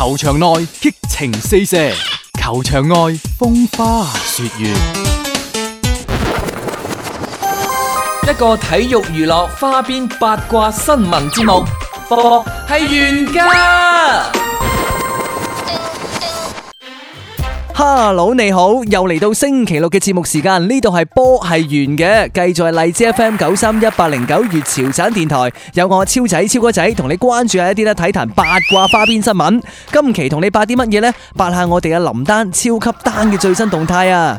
球場內激情四射，球場外風花雪月。一個體育娛樂花邊八卦新聞節目，播係原價。哈嘍你好，又嚟到星期六嘅節目時間，呢度係波係圓嘅，繼續係荔枝 FM 九三一八零九粵潮省電台，有我超仔、超哥仔同你關注一下一啲咧體壇八卦花邊新聞，今期同你八啲乜嘢呢？八下我哋嘅林丹超級丹嘅最新動態啊！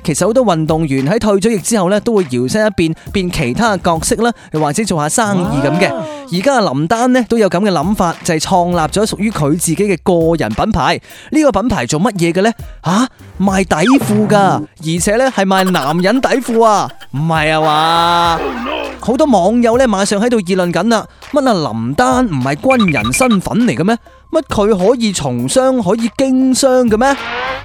其實好多運動員喺退咗役之後咧，都會搖身一變變其他角色啦，又或者做下生意咁嘅。而家林丹咧都有咁嘅諗法，就係創立咗屬於佢自己嘅個人品牌。呢個品牌做乜嘢嘅呢？吓，賣底褲噶，而且咧係賣男人底褲啊？唔係啊？話好多網友呢馬上喺度議論緊啦。乜啊？林丹唔係軍人身份嚟嘅咩？乜佢可以從商可以經商嘅咩？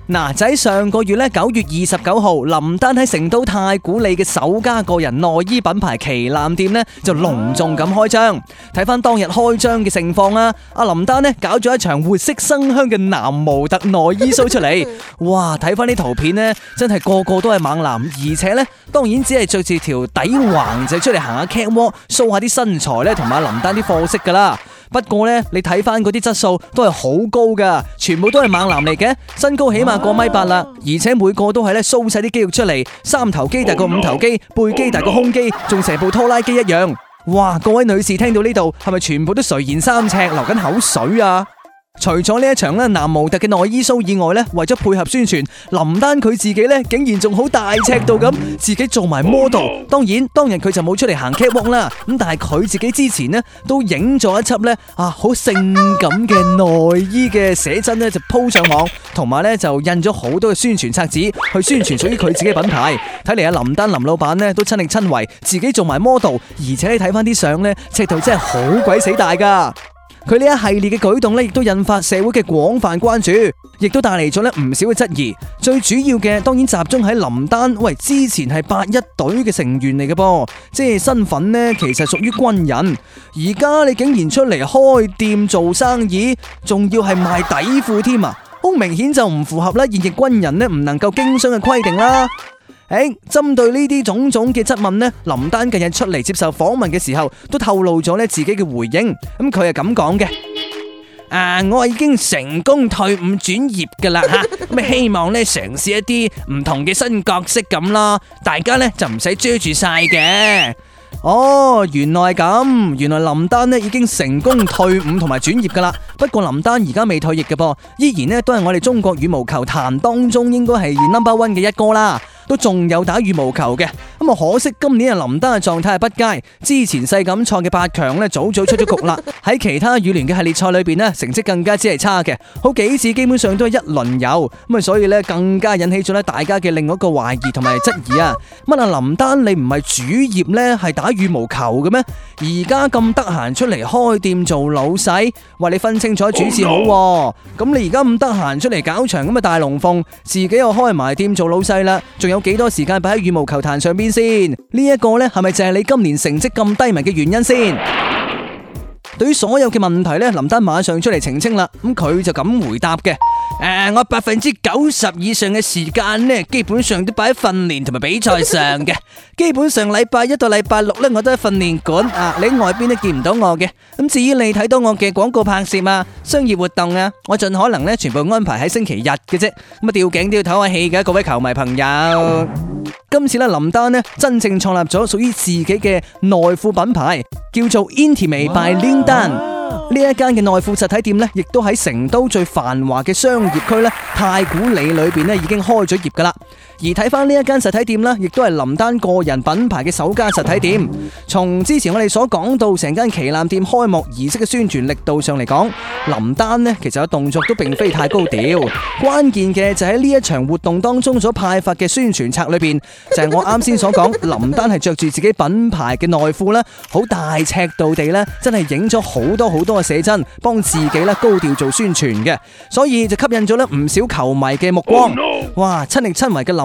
嗱，就喺上個月咧，九月二十九號，林丹喺成都太古里嘅首家個人內衣品牌旗艦店咧就隆重咁開張。睇翻當日開張嘅盛況啊，阿林丹咧搞咗一場活色生香嘅男模特內衣 show 出嚟。哇，睇翻啲圖片咧，真係個個都係猛男，而且咧當然只係着住條底橫仔出嚟行下 catwalk，show 下啲身材咧，同埋林丹啲貨色噶啦。不過呢，你睇翻嗰啲質素都係好高噶，全部都係猛男嚟嘅，身高起碼過米八啦，而且每個都係咧鬆晒啲肌肉出嚟，三頭肌大過五頭肌，背肌大過胸肌，仲成部拖拉機一樣。哇！各位女士聽到呢度，係咪全部都垂涎三尺，流緊口水啊？除咗呢一場咧，男模特嘅內衣 show 以外呢，為咗配合宣傳，林丹佢自己呢竟然仲好大尺度咁，自己做埋 model。當然，當日佢就冇出嚟行 catwalk 啦。咁但係佢自己之前呢都影咗一輯呢啊，好性感嘅內衣嘅寫真呢，就 po 上網，同埋呢就印咗好多嘅宣傳冊子去宣傳屬於佢自己嘅品牌。睇嚟阿林丹林老闆呢都親力親為，自己做埋 model，而且你睇翻啲相呢，尺度真係好鬼死大噶。佢呢一系列嘅舉動咧，亦都引發社會嘅廣泛關注，亦都帶嚟咗咧唔少嘅質疑。最主要嘅當然集中喺林丹，喂，之前係八一隊嘅成員嚟嘅噃，即係身份呢其實屬於軍人，而家你竟然出嚟開店做生意，仲要係賣底褲添啊，好明顯就唔符合咧現役軍人呢唔能夠經商嘅規定啦。誒，針對呢啲種種嘅質問咧，林丹近日出嚟接受訪問嘅時候，都透露咗咧自己嘅回應。咁佢係咁講嘅，啊，我已經成功退伍轉業噶啦，吓、啊，咁希望咧嘗試一啲唔同嘅新角色咁咯，大家呢就唔使遮住晒嘅。哦，原來係咁，原來林丹咧已經成功退伍同埋轉業噶啦。 不過林丹而家未退役嘅噃，依然咧都係我哋中國羽毛球壇當中應該係 number one 嘅一哥啦，都仲有打羽毛球嘅。咁啊！可惜今年啊，林丹嘅狀態係不佳。之前世錦賽嘅八強咧，早早出咗局啦。喺 其他羽聯嘅系列賽裏邊咧，成績更加之係差嘅。好幾次基本上都係一輪遊咁啊！所以咧，更加引起咗咧大家嘅另外一個懷疑同埋質疑啊！乜啊，林丹你唔係主業咧，係打羽毛球嘅咩？而家咁得閒出嚟開店做老細，話你分清楚主次好。咁、oh、no. 你而家咁得閒出嚟搞場咁啊大龍鳳，自己又開埋店做老細啦，仲有幾多時間擺喺羽毛球壇上邊？先呢一個呢，係咪就係你今年成績咁低迷嘅原因先？ 對於所有嘅問題呢，林丹馬上出嚟澄清啦。咁佢就咁回答嘅。誒、呃，我百分之九十以上嘅時間咧，基本上都擺喺訓練同埋比賽上嘅。 基本上禮拜一到禮拜六呢，我都喺訓練館啊，你喺外邊都見唔到我嘅。咁至於你睇到我嘅廣告拍攝啊、商業活動啊，我盡可能咧全部安排喺星期日嘅啫。咁啊吊頸都要唞下氣、啊、嘅，各位球迷朋友。 今次咧，林丹咧真正創立咗屬於自己嘅內褲品牌，叫做 Intimate by 林丹。呢一間嘅內褲實體店呢，亦都喺成都最繁華嘅商業區咧太古里裏邊呢，已經開咗業噶啦。而睇翻呢一間實體店呢，亦都係林丹個人品牌嘅首家實體店。從之前我哋所講到成間旗艦店開幕儀式嘅宣傳力度上嚟講，林丹呢其實有動作都並非太高調。關鍵嘅就喺呢一場活動當中所派發嘅宣傳冊裏邊，就係我啱先所講， 林丹係着住自己品牌嘅內褲呢，好大尺度地呢，真係影咗好多好多嘅寫真，幫自己啦高調做宣傳嘅，所以就吸引咗咧唔少球迷嘅目光。哇，親力親為嘅林。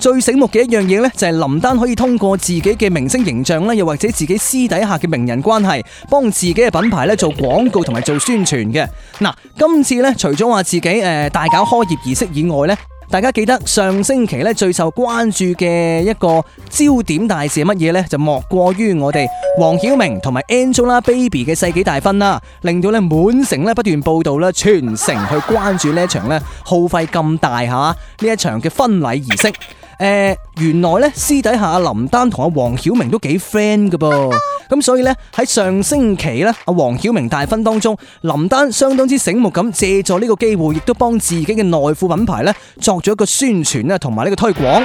最醒目嘅一樣嘢呢，就係、是、林丹可以通過自己嘅明星形象啦，又或者自己私底下嘅名人關係，幫自己嘅品牌咧做廣告同埋做宣傳嘅。嗱、啊，今次呢，除咗話自己誒、呃、大搞開業儀式以外呢，大家記得上星期呢最受關注嘅一個焦點大事係乜嘢呢？就莫過於我哋黃曉明同埋 Angelababy 嘅世紀大婚啦，啊，令到呢滿城呢不斷報道啦，全城去關注呢一場咧耗費咁大吓，呢一場嘅婚禮儀式。誒、呃，原來咧私底下林丹同阿黃曉明都幾 friend 㗎噃，咁所以咧喺上星期咧阿黃曉明大婚當中，林丹相當之醒目咁借助呢個機會，亦都幫自己嘅內褲品牌咧作咗一個宣傳呀同埋呢個推廣。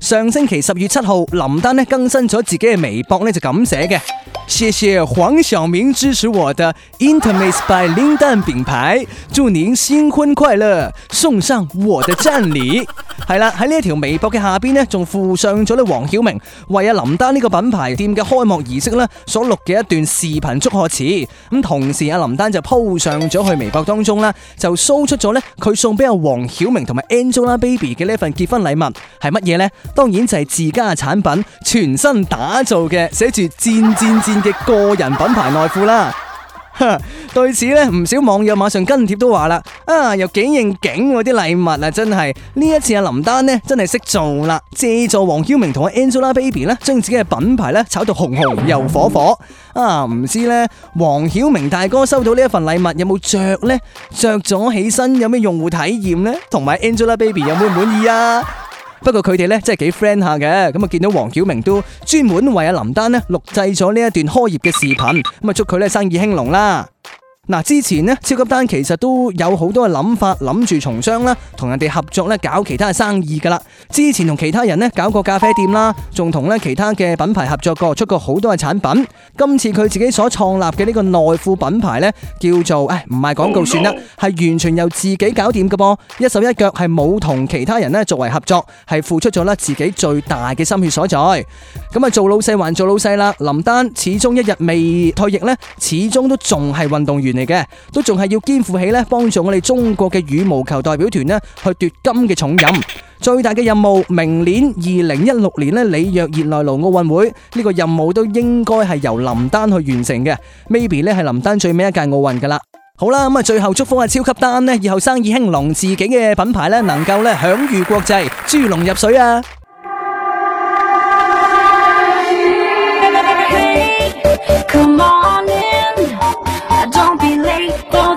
上星期十月七號，林丹咧更新咗自己嘅微博咧就咁寫嘅。謝謝黃曉明支持我的 Intermix by 林丹品牌，祝您新婚快樂！送上我的贊禮。係啦， 喺呢條微博嘅下邊呢，仲附上咗呢黃曉明為阿林丹呢個品牌店嘅開幕儀式啦所錄嘅一段視頻祝賀詞。咁同時阿林丹就鋪上咗去微博當中啦，就 show 出咗咧佢送俾阿黃曉明同埋 Angelababy 嘅呢份結婚禮物係乜嘢呢？當然就係自家產品全新打造嘅，寫住戰戰戰。煎煎煎煎嘅個人品牌內褲啦， 對此咧唔少網友馬上跟帖都話啦，啊又幾應景喎啲禮物啊，真係呢一次阿、啊、林丹咧真係識做啦，借助黃曉明同阿 Angelababy 咧將自己嘅品牌咧炒到紅紅又火火，啊唔知咧黃曉明大哥收到呢一份禮物有冇着呢？着咗起身有咩用戶體驗呢？同埋 Angelababy 有冇滿意啊？不過佢哋真係幾 friend 下嘅，咁啊見到黃曉明都專門為阿林丹咧錄製咗呢一段開業嘅視頻，咁啊祝佢生意興隆啦！嗱，之前咧，超級丹其實都有好多嘅諗法，諗住從商啦，同人哋合作咧，搞其他嘅生意噶啦。之前同其他人咧，搞過咖啡店啦，仲同咧其他嘅品牌合作過，出過好多嘅產品。今次佢自己所創立嘅呢個內褲品牌咧，叫做誒，唔係廣告算啦，係完全由自己搞掂嘅噃，一手一腳係冇同其他人咧作為合作，係付出咗咧自己最大嘅心血所在。咁啊，做老細還做老細啦，林丹始終一日未退役咧，始終都仲係運動員。嚟嘅都仲係要肩負起咧，幫助我哋中國嘅羽毛球代表團咧去奪金嘅重任。最大嘅任務，明年二零一六年咧里約熱內盧奧運會呢個任務都應該係由林丹去完成嘅。maybe 咧係林丹最尾一屆奧運噶啦。好啦，咁啊最後祝福啊超級丹咧以後生意興隆，自己嘅品牌咧能夠咧享譽國際，豬籠入水啊！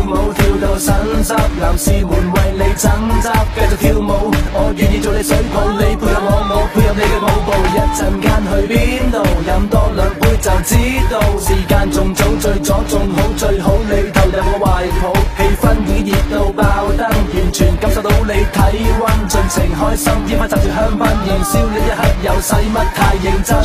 跳舞跳到滲濕，男士們為你爭執，繼續跳舞，我願意做你水泡，你配合我舞，我配合你嘅舞步，一陣間去邊度？飲多兩杯就知道，時間仲早，醉咗仲好，最好你投入我懷抱，氣氛已熱到爆燈，完全感受到你體溫，盡情開心，煙花插住香檳，燃燒你一刻又使乜太認真？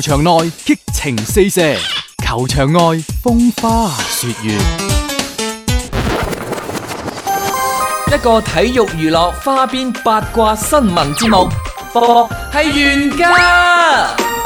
球場內激情四射，球場外風花雪月。一個體育娛樂花邊八卦新聞節目，播係原家。Yeah!